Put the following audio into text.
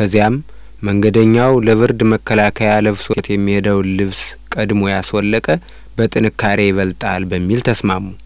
ከዚያም መንገደኛው ለብርድ መከላከያ ለብሶት የሚሄደውን ልብስ ቀድሞ ያስወለቀ በጥንካሬ ይበልጣል በሚል ተስማሙ